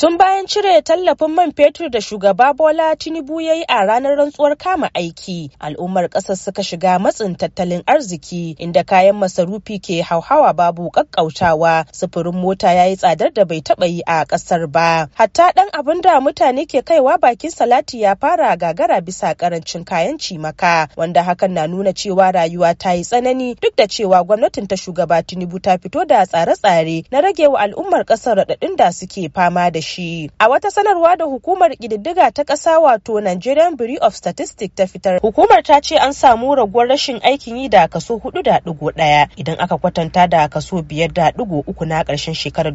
Tun bayan cire tallafin man fetur da shugaba Bola Tinubu ya yi a ranar rantsuwar kama aiki, al'ummar ƙasar suka shiga matsin tattalin arziki inda kayan masarufi ke hauhawa babu ƙaƙƙautawa, sufurin mota ya yi tsadar da bai taɓa yi a ƙasar ba. Hatta ɗan abin da mutane ke kaiwa bakin salati ya fara gagara bisa ƙarancin kayan cimaka, wanda hakan na nuna cewa rayuwa ta yi tsanani duk da cewa gwamnatin ta shugaba Tinubu ta fito da tsare-tsare na rage wa al'ummar ƙasar raɗaɗin da suke fama da shi. A wata sanarwa da hukumar ƙididdiga ta ƙasa wato Nigerian Bureau of Statistics ta fitar, hukumar ta ce an samu raguwar rashin aikin yi da kaso hudu da digo ɗaya idan aka kwatanta da kaso biyar da dugu uku na ƙarshen shekarar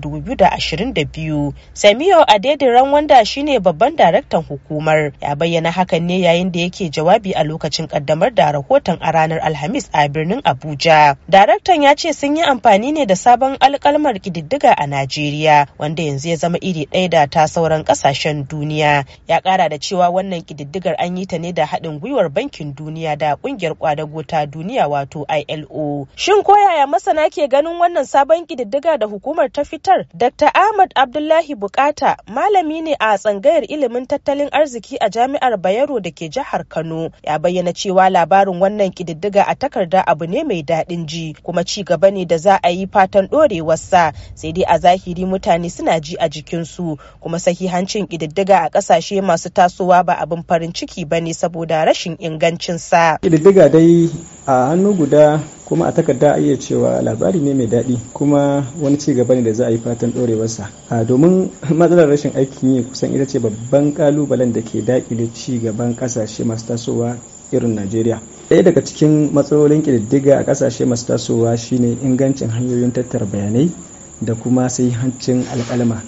biyu. Samiyo Adediran wanda ne babban daraktan hukumar ya bayyana hakan ne yayin da yake jawabi a lokacin ƙaddamar da rahoton a ranar Alhamis a birnin Abuja. Daraktan ya ce sun yi amfani ne da sabon alƙalmar ƙididdiga a Najeriya wanda yanzu ya zama iri ɗaya maida ta sauran kasashen duniya ya kara da cewa wannan kididdigar an yi ta ne da haɗin gwiwar bankin duniya da kungiyar kwadago ta duniya wato ilo shin ko yaya masana ke ganin wannan sabon kididdiga da hukumar ta fitar dr ahmad abdullahi bukata malami ne a tsangayar ilimin tattalin arziki a jami'ar bayero da ke jihar kano ya bayyana cewa labarin wannan kididdiga a takarda abu ne mai daɗin ji kuma ci gaba ne da za a yi fatan ɗorewarsa sai dai a zahiri mutane suna ji a jikin su. su kuma sahihancin ƙididdiga a ƙasashe masu tasowa ba abin farin ciki ba ne saboda rashin ingancinsa. ƙididdiga dai a hannu guda kuma a takarda a iya cewa labari ne mai daɗi kuma wani ci gaba ne da za a yi fatan ɗorewarsa a domin matsalar rashin aikin yi kusan ita ce babban kalubalen da ke daƙile ci gaban ƙasashe masu tasowa irin najeriya ɗaya daga cikin matsalolin ƙididdiga a ƙasashe masu tasowa shine ingancin hanyoyin tattara bayanai da kuma sai hancin alƙalama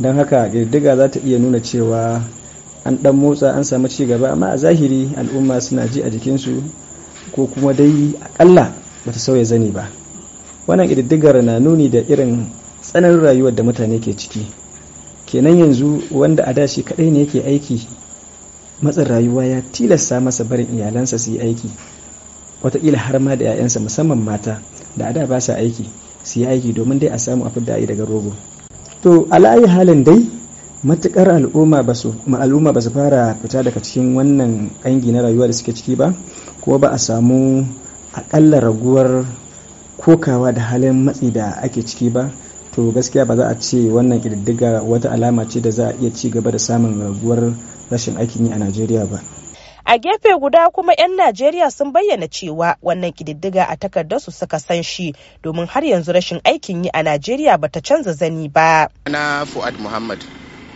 don haka girdiga za ta iya nuna cewa an dan motsa an samu ci gaba amma a zahiri al'umma suna ji a jikinsu ko kuma dai akalla ba ta sauya zani ba wannan girdigar na nuni da irin tsananin rayuwar da mutane ke ciki kenan yanzu wanda a dashi kadai ne yake aiki matsin rayuwa ya tilasta masa barin iyalansa su yi aiki wataƙila har ma da 'ya'yansa musamman mata da a da ba sa aiki su yi aiki domin dai a samu a fidda daga rogo to ala'ayi halin dai matukar al'umma ba su fara fita daga cikin wannan ƙangi na rayuwa da suke ciki ba ko ba a samu akalla raguwar kokawa da halin matsi da ake ciki ba to gaskiya ba za a ce wannan ƙididdiga wata alama ce da za a iya ci gaba da samun raguwar rashin aikin yi a najeriya ba a gefe guda kuma 'yan najeriya sun bayyana cewa wannan kididdiga a takardar su suka san shi domin har yanzu rashin aikin yi a najeriya bata canza zani ba na fuad muhammad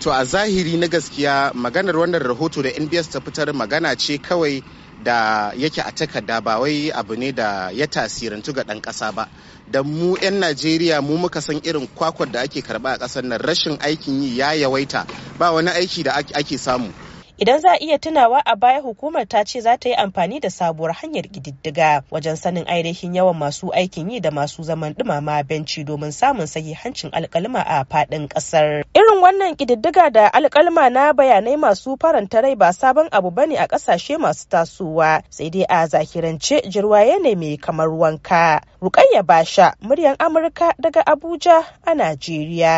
to a zahiri na gaskiya maganar wannan rahoto da nbs ta fitar magana ce kawai da yake a takarda ba wai abu ne da ya tasirantu ga ɗan ƙasa ba da mu 'yan najeriya mu muka san irin kwakwar da ake karba a ƙasar nan rashin aikin yi ya yawaita ba wani aiki da ake samu Idan za a iya tunawa a baya hukumar ta ce za ta yi amfani da sabuwar hanyar ƙididdiga wajen sanin ainihin yawan masu aikin yi da masu zaman dumama benci domin samun hancin alkalma a faɗin ƙasar. Irin wannan ƙididdiga da alkalma na bayanai masu faranta rai ba sabon abu bane a ƙasashe masu tasowa sai dai a zahirance jirwaye ne mai kamar wanka. Rukayya Basha, muryar Amurka daga Abuja a Najeriya.